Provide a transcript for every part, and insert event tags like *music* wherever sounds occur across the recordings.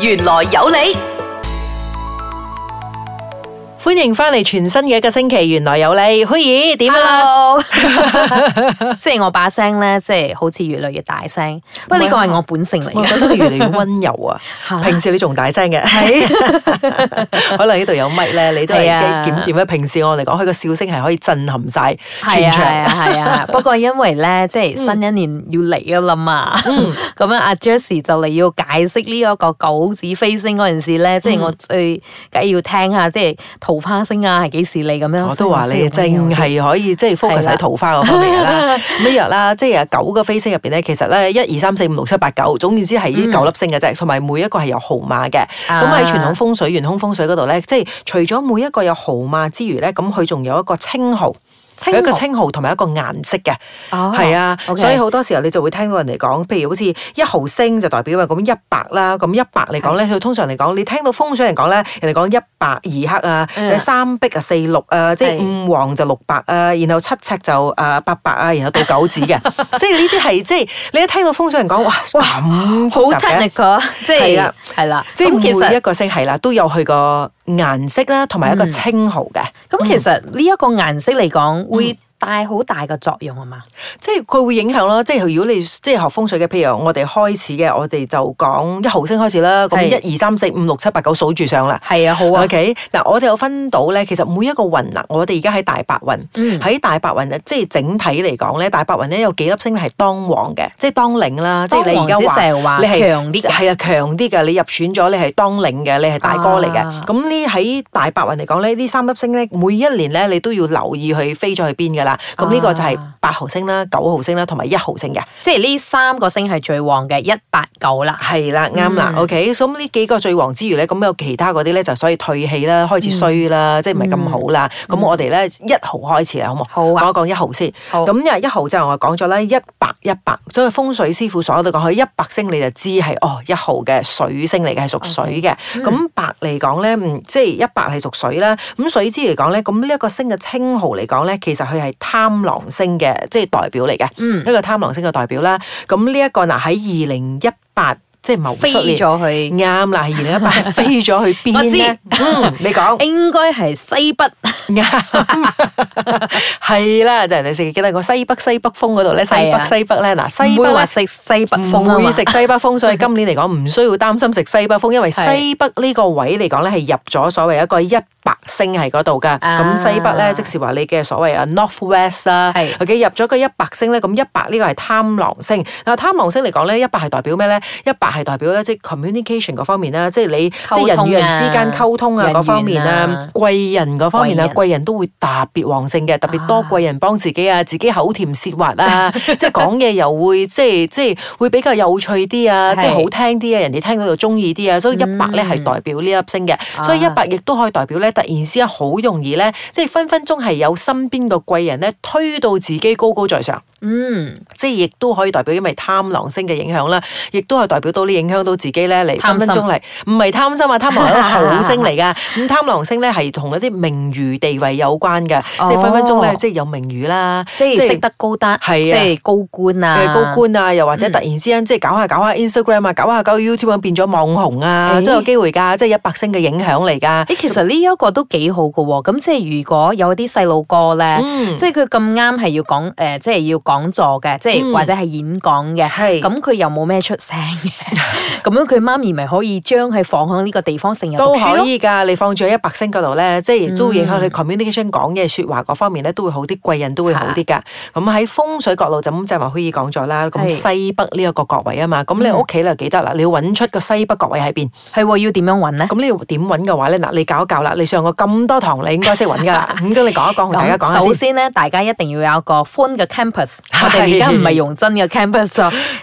玄來有理。歡迎翻嚟全新嘅一個星期，玄來有理，可以點啊？即係我把聲咧，即係好似越嚟越大聲，不過呢個係我本性嚟嘅。我覺得你越嚟越溫柔啊！平時你仲大聲嘅，可能呢度有乜咧？你都係檢點啊！平時我嚟講，佢個笑聲係可以震撼晒全場啊！係啊，不過因為咧，即係新一年要嚟啊啦嘛。嗯，咁樣阿 Jessie 就嚟要解釋呢一個九宮飛星嗰陣時咧，即係我最梗要聽下，即係。桃花星啊，係幾時你咁樣？我都話你淨係可以即係 focus 喺桃花嗰方面啦，乜嘢啦？即係有九個飛星入邊咧，其實咧一二三四五六七八九，總言之係呢九粒星嘅啫，同埋每一個係有號碼嘅。咁喺傳統風水、玄空風水嗰度咧，即係除咗每一個有號碼之餘咧，咁佢仲有一個稱號。有一個稱號同埋一個顏色嘅，係啊，所以好多時候你就會聽到人哋講，譬如好似一毫升就代表話咁一白啦，咁一白嚟講咧，佢通常嚟講，你聽到風水人講咧，人哋講一白二黑啊，三碧啊，四綠啊，即係五黃就六白啊，然後七赤就啊八白啊，然後到九紫嘅，即係呢啲係即係你一聽到風水人講，哇，咁好力噶，即係係啦，即係每一個星係啦，都有去個。顏色啦，同埋一個稱號嘅。咁、嗯、其實呢一個顏色嚟講，嗯、會。嗯大好大嘅作用啊嘛，即係佢會影響咯。即係如果你即係學風水嘅，譬如我哋開始嘅，我哋就講一號星開始啦。咁一二三四五六七八九數住上啦。係啊，好啊。OK，嗱我哋有分到咧，其實每一個云啊，我哋而家喺大白云，喺、嗯、大白云咧，即係整體嚟講咧，大白云咧有幾粒星係當旺嘅，即係當令啦。當旺 即係你而家話，你係係啊，強啲嘅，你入選咗，你係當令嘅，你係大哥嚟嘅。咁呢喺大白云嚟講咧，呢三粒星咧，每一年咧，你都要留意佢飛咗去邊嘅。咁呢、啊、個就係八毫升啦，九毫升啦，同埋一毫升嘅，即係呢三個星係最旺嘅一八九啦。係啦，啱啦。嗯、OK，咁、so, 呢幾個最旺之餘咧，咁有其他嗰啲咧就所以退氣啦，開始衰啦，嗯、即係唔係咁好啦。咁、嗯、我哋咧一毫開始啊，好冇？好，講一講一毫先。咁因為一毫就我講咗啦，一白一白，所以風水師傅所有都講佢一白星你就知係哦一毫嘅水星嚟嘅，係屬水嘅。咁、嗯嗯、白嚟講咧，即係一白係屬水啦。咁水之嚟講咧，咁呢一個星嘅稱號嚟講咧，其實佢係。貪狼星嘅即係代表嚟嘅，嗯、一個貪狼星嘅代表啦。咁呢一個嗱喺二零一八。即係謀術咧，啱啦！而家佢飛咗去邊咧？嗯，你講應該係西北，啱係啦！就係你記記得個西北西北風嗰度咧，西北西北咧嗱，西北唔會話食西北風，唔會食西北風。所以今年嚟講，唔需要擔心食西北風，因為西北呢個位嚟講咧，係入咗所謂一個一白星喺嗰度嘅。咁西北咧，即是話你嘅所謂啊 Northwest 啦，佢入咗個一白星咧，咁一白呢個係貪狼星。嗱貪狼星嚟講咧，一白係代表咩咧？一白。係代表咧，即係 communication 嗰方面啦，即係你即係人與人之間溝通啊，嗰、啊啊、方面啊，貴人嗰方面啊，貴人，人都會特別旺盛嘅，特別多貴人幫自己啊，自己口甜舌滑啊， *laughs* 即係講嘢又會即係即係會比較有趣啲啊，是即係好聽啲啊，人哋聽到就中意啲啊，所以一百咧係代表呢粒星嘅，嗯、所以一百亦都可以代表咧，突然之間好容易咧，即係分分鐘係有身邊嘅貴人咧推到自己高高在上。嗯，即係亦都可以代表，因為貪狼星嘅影響啦，亦都係代表到啲影響到自己咧嚟，分分鐘嚟，唔係貪心啊，貪狼星係好星嚟噶，咁貪狼星咧係同一啲名譽地位有關嘅。即係分分鐘咧即係有名譽啦，即係識得高登，即係高官啊，高官啊，又或者突然之間即係搞下搞下 Instagram 啊，搞下搞 YouTube 變咗網紅啊，都有機會噶，即係一白星嘅影響嚟噶。誒，其實呢一個都幾好噶，咁即係如果有啲細路哥咧，即係佢咁啱係要講誒，即係要。講座嘅，即係或者係演講嘅，咁佢、嗯、又冇咩出聲嘅，咁 *laughs* *laughs* 樣佢媽咪咪可以將佢放響呢個地方，成日都可以㗎。你放住喺一白星嗰度咧，即係亦都影響你 communication 講嘢説話嗰方面咧，都會好啲，貴人都會好啲㗎。咁喺、啊、風水角度就咁就話可以講座啦。咁、啊、西北呢一個角位啊嘛，咁、嗯、你屋企你就記得啦，你要揾出個西北角位喺邊。係喎、啊，要點樣揾咧？咁你點揾嘅話咧，嗱，你教一教啦。你上過咁多堂，你應該識揾㗎啦。咁，跟你講一講，同大家講。首先咧，大家一定要有個寬嘅 campus。我哋而家唔係用真嘅 campus，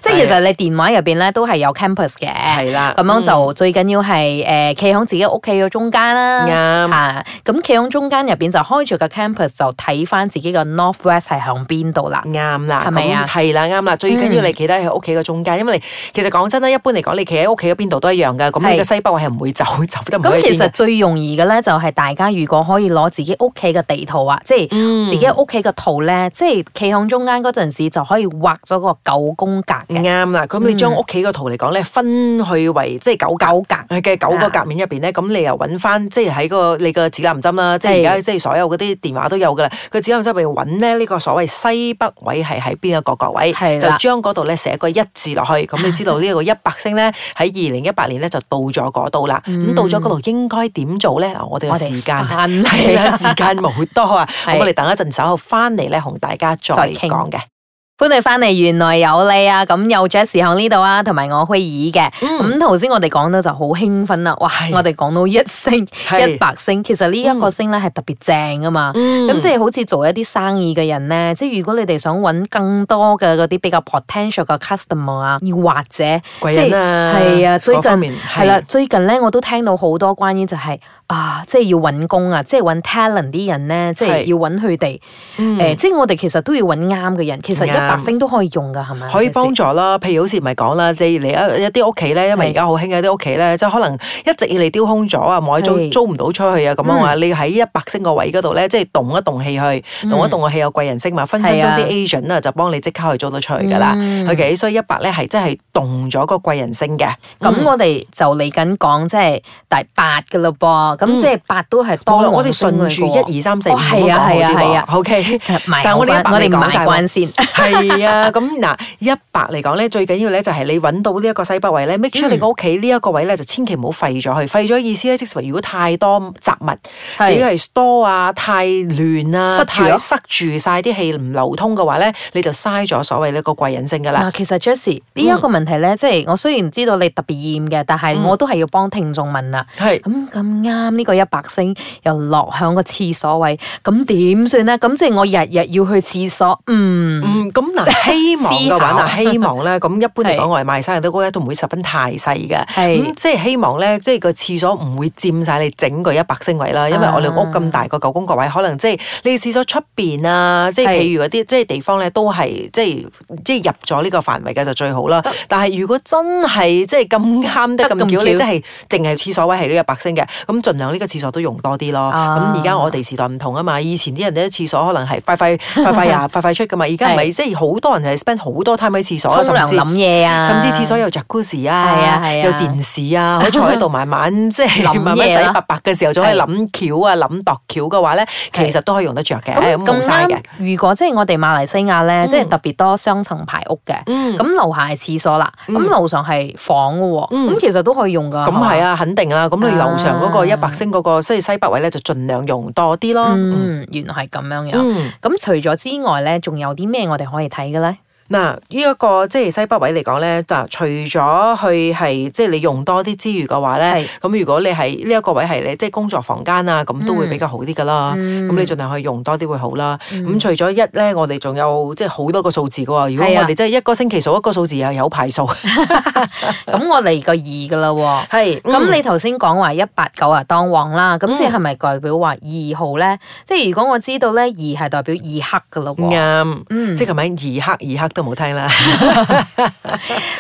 即係其實你電話入邊咧都係有 campus 嘅，係啦。咁樣就最緊要係誒，企響、嗯呃、自己屋企嘅中間啦，啱啊。咁企響中間入邊就開住個 campus，就睇翻自己嘅 northwest 係響邊度啦，啱啦，係咪啊？係啦，啱啦。最緊要你企得喺屋企嘅中間，嗯、因為你其實講真咧，一般嚟講你企喺屋企嘅邊度都一樣噶。咁你嘅西北係唔會走，走得唔可以變。咁其實最容易嘅咧，就係、是、大家如果可以攞自己屋企嘅地圖啊，即係、嗯、自己屋企嘅圖咧，即係企響中間。嗰陣時就可以畫咗個九宮格，啱啦。咁你將屋企個圖嚟講咧，分去為即係九九格嘅九個格，格面入邊咧，咁的你又揾翻即係喺個你個指南針啦、啊，的即係而家即係所有嗰啲電話都有噶啦。佢指南針入邊揾咧，呢個所謂西北位係喺邊一個角位，的就將嗰度咧寫一個一字落去，咁 *laughs* 你知道呢個一白星咧喺二零一八年咧就到咗嗰度啦。咁 *laughs* 到咗嗰度應該點做咧？我哋嘅時間係啦，時間冇多啊，的我哋等一陣稍後翻嚟咧，同大家再傾講。歡迎翻嚟，玄來有理啊！咁又爵士響呢度啊，同埋我威爾嘅。咁頭先我哋講到就好興奮啦，哇！是我哋講到一星、一白星，其實呢一個星咧係特別正噶嘛。咁、嗯、即係好似做一啲生意嘅人咧，即係如果你哋想搵更多嘅嗰啲比較 potential 嘅 customer 啊，要或者即係係啊，最近係啦，最近咧我都聽到好多關於就係、是。啊，即係要揾工啊，即係揾 talent 啲人咧，即係要揾佢哋。誒，即係我哋其實都要揾啱嘅人。其實一白星都可以用噶，係咪？可以幫助啦。譬如好似唔係講啦，即係你一啲屋企咧，因為而家好興一啲屋企咧，即係可能一直以嚟丟空咗啊，冇一租租唔到出去啊，咁啊，你喺一白星個位嗰度咧，即係動一動氣去，動一動個氣有貴人星嘛，分分鐘啲 agent 啊就幫你即刻去租到出去噶啦，OK，所以一白咧係真係動咗個貴人星嘅。咁我哋就嚟緊講即係第八噶咯噃。咁即係八都係多，我哋順住一二三四五係啊，係啊，係啊 O K，但係我哋八，我哋唔買關先。係啊，咁嗱，一百嚟講咧，最緊要咧就係你揾到呢一個西北位咧，Make sure 你屋企呢一個位咧，就千祈唔好廢咗佢。廢咗意思咧，即係如果太多雜物，只要係多啊、太亂啊、塞住、塞住晒啲氣唔流通嘅話咧，你就嘥咗所謂呢個貴人星噶啦。嗱，其實 Jessie 呢一個問題咧，即係我雖然知道你特別厭嘅，但係我都係要幫聽眾問啦。係。咁咁啱。啱呢個一白星又落響個廁所位，咁點算咧？咁即係我日日要去廁所，嗯嗯，咁希望嘅話，希望咧。咁一般嚟講，我哋賣生意都嗰一套唔會十分太細噶。咁即係希望咧，即係個廁所唔會佔晒你整個一白星位啦。因為我哋屋咁大個九宮格位，可能即係你廁所出邊啊，即係譬如嗰啲即係地方咧，都係即係即係入咗呢個範圍嘅就最好啦。但係如果真係即係咁啱得咁巧，你即係淨係廁所位係呢個一白星嘅，咁盡。呢個廁所都用多啲咯，咁而家我哋時代唔同啊嘛，以前啲人啲廁所可能係快快快快啊，快快出噶嘛，而家咪即係好多人係 spend 好多 time 喺廁所，甚至諗嘢啊，甚至廁所有著 cushion 啊，又電視啊，可以坐喺度慢慢即係慢慢洗白白嘅時候，仲可以諗橋啊、諗度橋嘅話咧，其實都可以用得着嘅，咁咁咧，如果即係我哋馬來西亞咧，即係特別多雙層排屋嘅，咁樓下係廁所啦，咁樓上係房嘅喎，咁其實都可以用㗎。咁係啊，肯定啦，咁你樓上嗰個一白星嗰個，所以西北位咧就盡量用多啲咯。嗯，原來係咁樣樣。咁、嗯、除咗之外咧，仲有啲咩我哋可以睇嘅咧？嗱，呢一個即係西北位嚟講咧，嗱，除咗去係即係你用多啲之餘嘅話咧，咁如果你係呢一個位係你即係工作房間啊，咁都會比較好啲噶啦。咁你盡量去用多啲會好啦。咁除咗一咧，我哋仲有即係好多個數字㗎喎。如果我哋即係一個星期數一個數字，又有排數。咁我嚟個二嘅啦。係。咁你頭先講話一八九啊當旺啦，咁即係咪代表話二號咧？即係如果我知道咧，二係代表二黑㗎啦。啱。嗯。即係咪二黑二黑？都冇聽啦，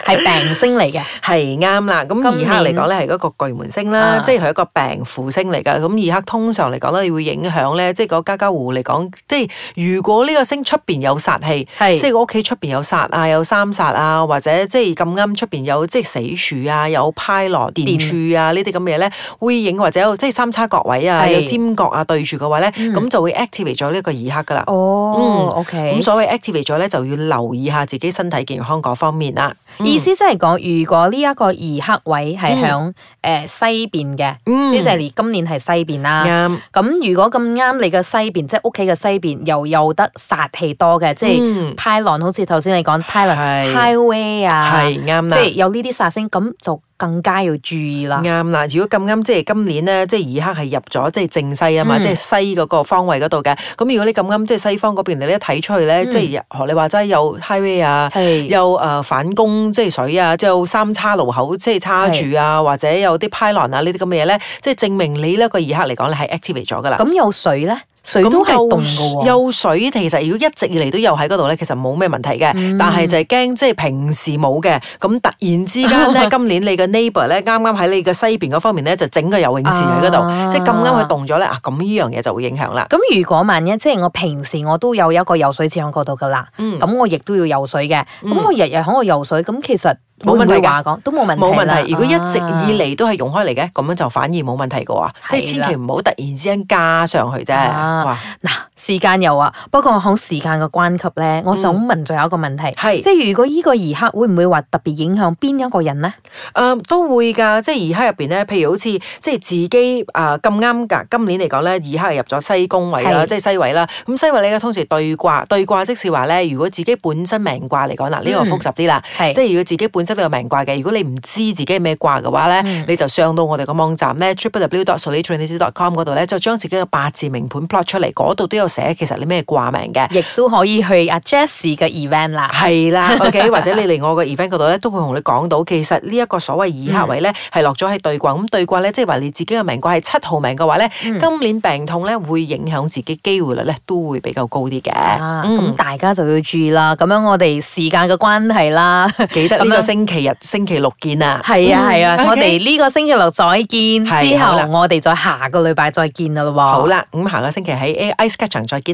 係病星嚟嘅，係啱啦。咁二黑嚟講咧，係一個巨門星啦，年啊、即係一個病符星嚟噶。咁二黑通常嚟講咧，會影響咧，即係個家家戶戶嚟講，即係如果呢個星出邊有煞氣，是即係個屋企出邊有煞啊，有三煞啊，或者即係咁啱出邊有即係死樹啊，有派羅電柱啊呢啲咁嘅嘢咧，會影或者有即係三叉角位啊，是有尖角啊對住嘅話咧，咁、嗯、就會 activate 咗呢一個二黑噶啦。哦，嗯，OK。咁所謂 activate 咗咧，就要留意。以下自己身體健康嗰方面啦，意思即係講，如果呢一個二黑位係響誒西邊嘅，即係你今年係西邊啦。啱，嗯，咁如果咁啱你嘅西邊，即係屋企嘅西邊又有得煞氣多嘅，即係派狼，嗯，好似頭先你講派狼，派威是啊，係啱即係有呢啲煞星，咁就。更加要注意啦。啱啦，如果咁啱即係今年咧，即係二黑係入咗即係正西啊嘛，即係西嗰個方位嗰度嘅。咁如果你咁啱即係西方嗰邊你一睇出去咧，即係學你話齋有 highway 啊，是有誒、呃、反攻即係、就是、水啊，即係三叉路口即係、就是、叉住啊，是或者有啲 pylon 啊呢啲咁嘅嘢咧，即係、就是、證明你呢個二黑嚟講你係 activate 咗噶啦。咁有水咧？水都係遊水，水，其實如果一直以嚟都遊喺嗰度咧，其實冇咩問題嘅。嗯、但係就係驚，即係平時冇嘅，咁突然之間咧， *laughs* 今年你嘅 neighbor 咧，啱啱喺你嘅西邊嗰方面咧，就整個游泳池喺嗰度，即係咁啱佢動咗咧，啊，咁呢樣嘢就會影響啦。咁如果萬一即係我平時我都有一個游水池喺嗰度噶啦，咁我亦都要游水嘅，咁我日日喺度游水，咁其實。冇問題噶，都冇問，問題。如果一直以嚟都係用開嚟嘅，咁樣就反而冇問題噶喎。啊，即係千祈唔好突然之間加上去啫。的哇時間有啊，不過我時間嘅關係咧，嗯、我想問仲有一個問題，是即係如果呢個二黑會唔會話特別影響邊一個人呢？誒、呃，都會噶，即係二黑入邊咧，譬如好似即係自己誒咁啱噶，今年嚟講咧，二黑係入咗西宮位啦，是即係西位啦。咁西位咧，通常對卦，對卦即是話咧，如果自己本身命卦嚟講嗱，呢、嗯、個複雜啲啦，是即係如果自己本身都有命卦嘅，如果你唔知自己係咩卦嘅話咧，嗯、你就上到我哋個網站咧，www.solidaries.com 嗰度咧，就將自己嘅八字命盤 plot 出嚟，嗰度都有。寫其實你咩掛名嘅，亦都可以去阿 Jess 嘅 event 啦。係啦，OK，或者你嚟我嘅 event 嗰度咧，都會同你講到，其實呢一個所謂二黑位咧，係落咗喺對卦咁對卦咧，即係話你自己嘅命卦係七號命嘅話咧，今年病痛咧會影響自己機會率咧，都會比較高啲嘅。咁大家就要注意啦。咁樣我哋時間嘅關係啦，記得呢個星期日、星期六見啊！係啊係啊，我哋呢個星期六再見，之後我哋再下個禮拜再見啦。好啦，咁下個星期喺常再見啦！